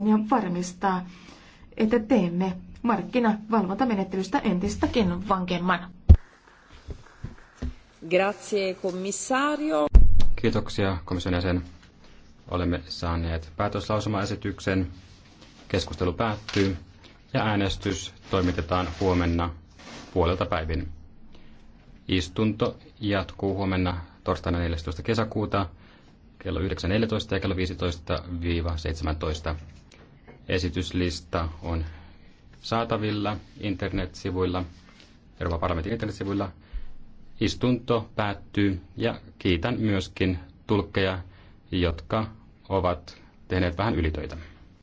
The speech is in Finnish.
ja varmistaa, että teemme markkinavalvontamenettelystä entistäkin vankemman. Grazie, komissario. Kiitoksia komission jäsen. Olemme saaneet päätöslausumaesityksen. Keskustelu päättyy ja äänestys toimitetaan huomenna puolelta päivin. Istunto jatkuu huomenna torstaina 14. kesäkuuta kello 9.14 ja kello 15.17. Esityslista on saatavilla internetsivuilla, Euroopan parlamentin internetsivuilla. Istunto päättyy ja kiitän myöskin tulkkeja, jotka ovat tehneet vähän ylitöitä.